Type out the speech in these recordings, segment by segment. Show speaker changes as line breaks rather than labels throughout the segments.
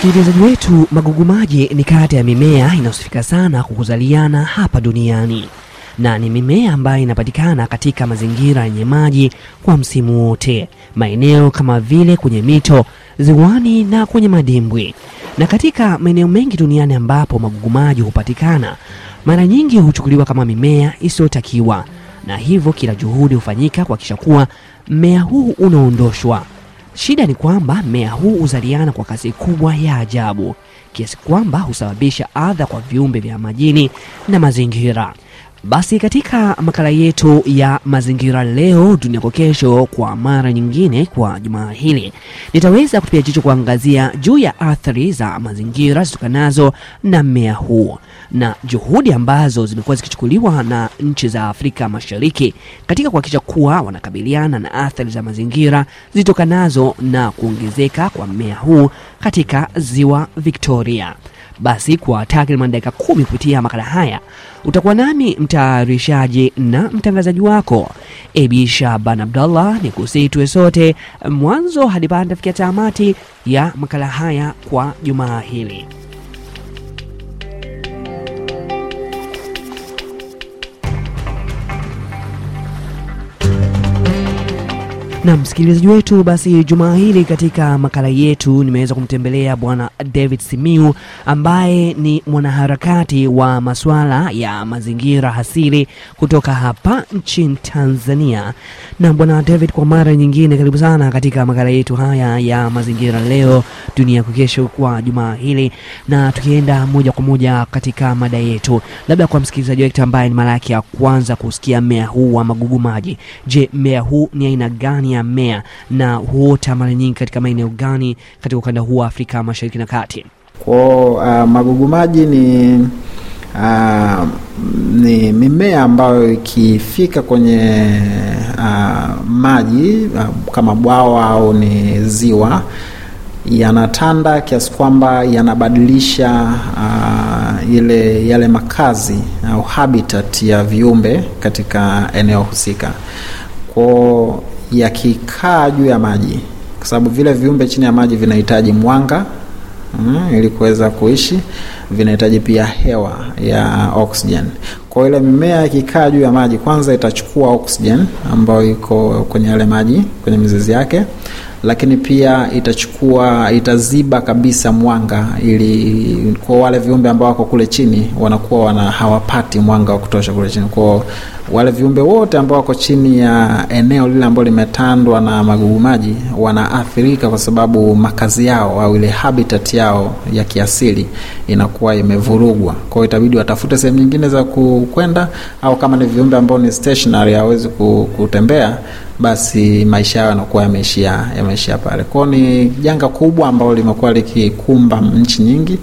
Msikilizaji wetu, magugu maji ni kati ya mimea inayosifika sana kukuzaliana hapa duniani na ni mimea ambayo inapatikana katika mazingira yenye maji kwa msimu wote, maeneo kama vile kwenye mito, ziwani na kwenye madimbwi. Na katika maeneo mengi duniani ambapo magugu maji hupatikana, mara nyingi huchukuliwa kama mimea isiyotakiwa, na hivyo kila juhudi hufanyika kuhakikisha kuwa mmea huu unaondoshwa. Shida ni kwamba mmea huu huzaliana kwa kasi kubwa ya ajabu kiasi kwamba husababisha adha kwa viumbe vya majini na mazingira. Basi katika makala yetu ya mazingira leo dunia kwa kesho, kwa mara nyingine kwa jumaa hili nitaweza kutupia jicho kuangazia juu ya athari za mazingira zitokanazo na mmea huu na juhudi ambazo zimekuwa zikichukuliwa na nchi za Afrika Mashariki katika kuhakikisha kuwa wanakabiliana na athari za mazingira zitokanazo na kuongezeka kwa mmea huu katika ziwa Victoria. Basi kwa takriban dakika kumi kupitia makala haya utakuwa nami mtayarishaji na mtangazaji wako Ebi Shaban Abdallah, ni kusii tuwe sote mwanzo hadi baada tafikia tamati ya makala haya kwa jumaa hili. Na msikilizaji wetu, basi jumaa hili katika makala yetu nimeweza kumtembelea Bwana David Simiu ambaye ni mwanaharakati wa masuala ya mazingira hasili kutoka hapa nchini Tanzania. Na Bwana David, kwa mara nyingine, karibu sana katika makala yetu haya ya mazingira, leo dunia kesho, kwa jumaa hili, na tukienda moja kwa moja katika mada yetu, labda kwa msikilizaji wetu ambaye ni mara yake ya kwanza kusikia mmea huu wa magugu maji, je, mmea huu ni aina gani ya mmea na huota mara nyingi katika maeneo gani katika ukanda huu wa Afrika Mashariki na Kati?
kwa uh, magugu maji ni uh, ni mimea ambayo ikifika kwenye uh, maji uh, kama bwawa au ni ziwa yanatanda kiasi kwamba yanabadilisha uh, ile yale makazi au habitat ya viumbe katika eneo husika. kwa yakikaa juu ya maji, kwa sababu vile viumbe chini ya maji vinahitaji mwanga mm, ili kuweza kuishi, vinahitaji pia hewa ya oxygen. Kwa ile mimea ikikaa juu ya maji, kwanza itachukua oxygen ambayo iko kwenye yale maji, kwenye mizizi yake, lakini pia itachukua, itaziba kabisa mwanga, ili kwa wale viumbe ambao wako kule chini wanakuwa wana hawapati mwanga wa kutosha kule chini kwao wale viumbe wote ambao wako chini ya eneo lile ambalo limetandwa na magugu maji wanaathirika, kwa sababu makazi yao au ile habitat yao ya kiasili inakuwa imevurugwa. Kwa hiyo itabidi watafute sehemu nyingine za kukwenda, au kama ni viumbe ambao ni stationary, hawezi kutembea, basi maisha yao yanakuwa yameishia yameishia pale. Kwao ni janga kubwa ambalo limekuwa likikumba nchi nyingi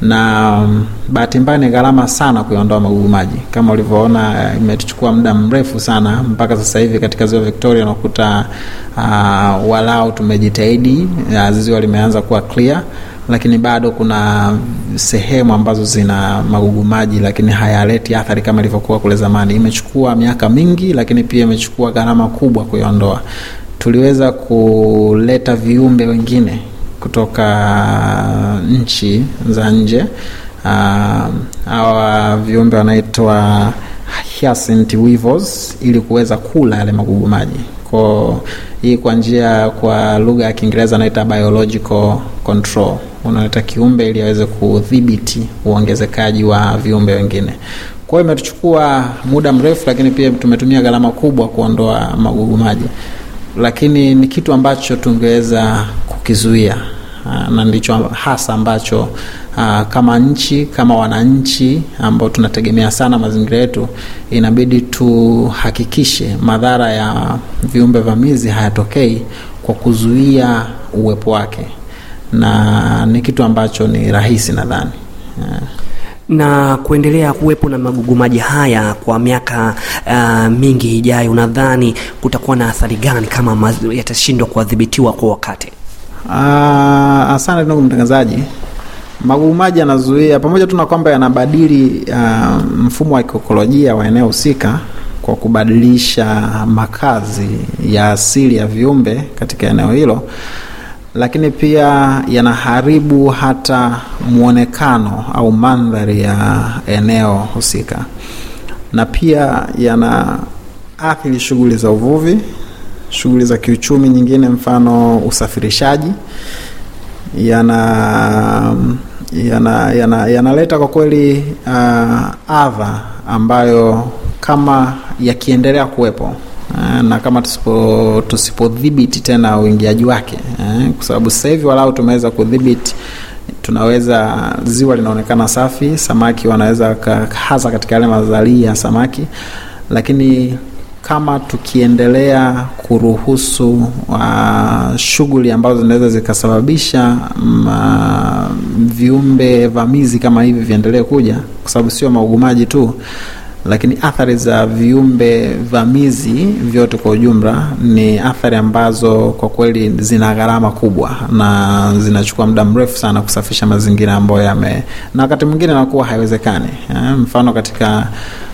na mm, bahati mbaya ni gharama sana kuyaondoa magugu maji. Kama ulivyoona, eh, imetuchukua muda mrefu sana mpaka sasa hivi katika ziwa Victoria unakuta uh, walau tumejitahidi, uh, ziwa limeanza kuwa clear, lakini bado kuna sehemu ambazo zina magugu maji, lakini hayaleti athari kama ilivyokuwa kule zamani. Imechukua miaka mingi, lakini pia imechukua gharama kubwa kuyaondoa. Tuliweza kuleta viumbe wengine kutoka nchi za nje. Ah, hawa viumbe wanaitwa Hyacinth ili kuweza kula yale magugu maji. ko hii kwa njia, kwa lugha ya Kiingereza naita biological control, unaleta kiumbe ili aweze kudhibiti uongezekaji wa viumbe wengine. Kwa hiyo imetuchukua muda mrefu, lakini pia tumetumia gharama kubwa kuondoa magugu maji, lakini ni kitu ambacho tungeweza kukizuia. Ah, na ndicho hasa ambacho aa, ah, kama nchi kama wananchi ambao tunategemea sana mazingira yetu, inabidi tuhakikishe madhara ya viumbe vamizi hayatokei kwa kuzuia uwepo wake, na ni kitu ambacho ni rahisi nadhani
na kuendelea kuwepo na magugumaji haya kwa miaka uh, mingi ijayo, unadhani kutakuwa na athari gani kama yatashindwa kuadhibitiwa kwa wakati? Ah,
asante ndugu mtangazaji. Magugu maji yanazuia, pamoja tu na kwamba yanabadili uh, mfumo wa ekolojia wa eneo husika kwa kubadilisha makazi ya asili ya viumbe katika eneo hilo, lakini pia yanaharibu hata muonekano au mandhari ya eneo husika, na pia yana athiri shughuli za uvuvi shughuli za kiuchumi nyingine, mfano usafirishaji, yana yanaleta yana, kwa kweli uh, adha ambayo kama yakiendelea kuwepo uh, na kama tusipo tusipodhibiti tena uingiaji wake eh, kwa sababu sasa hivi walau tumeweza kudhibiti, tunaweza ziwa linaonekana safi, samaki wanaweza hasa katika yale mazalia ya samaki, lakini kama tukiendelea kuruhusu uh, shughuli ambazo zinaweza zikasababisha mm, uh, viumbe vamizi kama hivi viendelee kuja, kwa sababu sio maugumaji tu, lakini athari za viumbe vamizi vyote kwa ujumla ni athari ambazo kwa kweli zina gharama kubwa na zinachukua muda mrefu sana kusafisha mazingira ambayo yame, na wakati mwingine nakuwa haiwezekani. Eh, mfano katika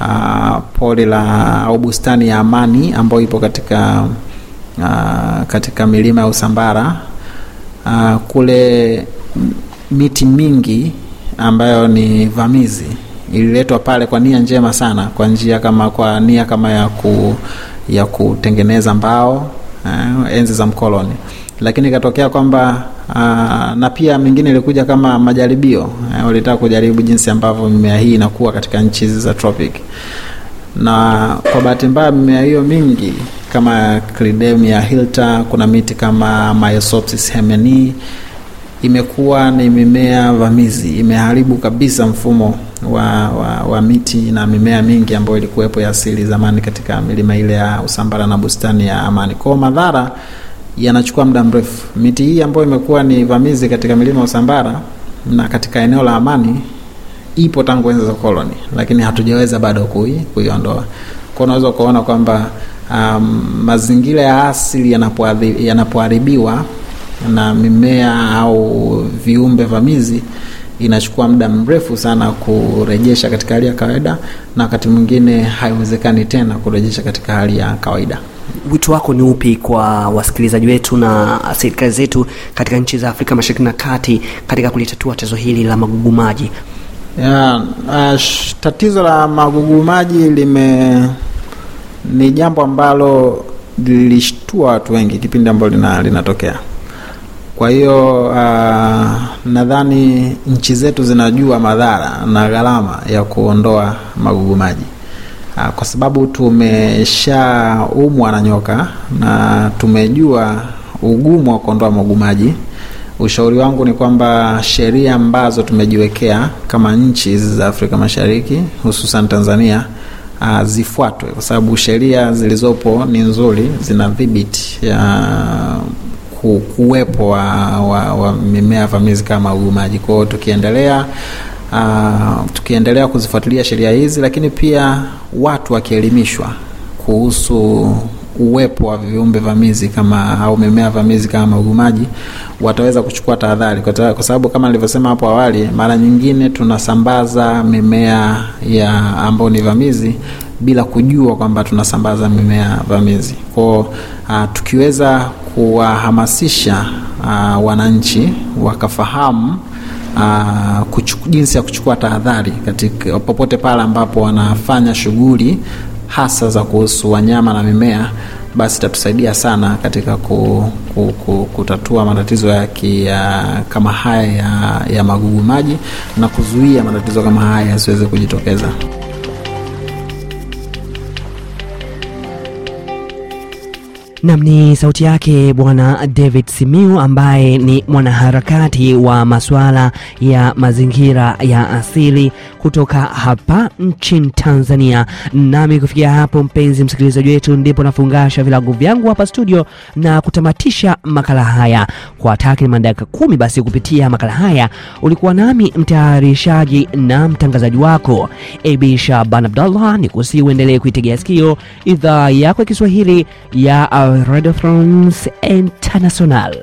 uh, pori la au bustani ya Amani ambayo ipo katika uh, katika milima ya Usambara uh, kule miti mingi ambayo ni vamizi ililetwa pale kwa nia njema sana, kwa njia kama kwa nia kama ya ku ya kutengeneza mbao uh, enzi za mkoloni, lakini ikatokea kwamba Aa, ah, na pia mengine ilikuja kama majaribio eh, walitaka kujaribu jinsi ambavyo mimea hii inakuwa katika nchi za tropic, na kwa bahati mbaya mimea hiyo mingi kama ya hilta, kuna miti kama Myosopsis hemeni imekuwa ni mimea vamizi, imeharibu kabisa mfumo wa, wa, wa miti na mimea mingi ambayo ilikuwepo ya asili zamani katika milima ile ya Usambara na bustani ya Amani. Kwa madhara yanachukua muda mrefu. Miti hii ambayo imekuwa ni vamizi katika milima ya Usambara na katika eneo la Amani ipo tangu enzi za koloni, lakini hatujaweza bado kui kuiondoa. Kwa unaweza ukaona kwamba um, mazingira ya asili yanapoharibiwa na mimea au viumbe vamizi inachukua muda mrefu sana kurejesha katika hali ya kawaida, na wakati mwingine haiwezekani tena kurejesha katika hali ya kawaida
wito wako ni upi kwa wasikilizaji wetu na serikali zetu katika nchi za Afrika Mashariki na Kati katika kulitatua tatizo hili la magugu maji?
Yeah, uh, tatizo la magugu maji lime ni jambo ambalo lilishtua watu wengi kipindi ambalo lina, linatokea. Kwa hiyo uh, nadhani nchi zetu zinajua madhara na gharama ya kuondoa magugu maji Ah, kwa sababu tumeshaumwa na nyoka na tumejua ugumu wa kuondoa magumaji. Ushauri wangu ni kwamba sheria ambazo tumejiwekea kama nchi hizi za Afrika Mashariki hususan Tanzania ah, zifuatwe kwa sababu sheria zilizopo ni nzuri, zina ya kuwepo wa, wa, wa mimea vamizi kama ugumaji. Kwa tukiendelea uh, tukiendelea kuzifuatilia sheria hizi, lakini pia watu wakielimishwa kuhusu uwepo wa viumbe vamizi kama au mimea vamizi kama magumaji, wataweza kuchukua tahadhari, kwa sababu kama nilivyosema hapo awali, mara nyingine tunasambaza mimea ya ambayo ni vamizi bila kujua kwamba tunasambaza mimea vamizi. Kwa uh, tukiweza kuwahamasisha uh, wananchi wakafahamu Ah, kuchuku, jinsi ya kuchukua tahadhari katika popote pale ambapo wanafanya shughuli hasa za kuhusu wanyama na mimea, basi itatusaidia sana katika ku, ku, ku, kutatua matatizo ya ki, kama haya ya, ya magugu maji na kuzuia matatizo kama haya yasiweze kujitokeza.
Nam, ni sauti yake Bwana David Simiu ambaye ni mwanaharakati wa masuala ya mazingira ya asili kutoka hapa nchini Tanzania. Nami kufikia hapo, mpenzi msikilizaji wetu, ndipo nafungasha vilago vyangu hapa studio na kutamatisha makala haya kwa takriban dakika kumi. Basi kupitia makala haya ulikuwa nami mtayarishaji na mtangazaji wako Abi Shaban Abdallah, ni kusi uendelee kuitegea sikio idhaa yako ya Kiswahili ya France International.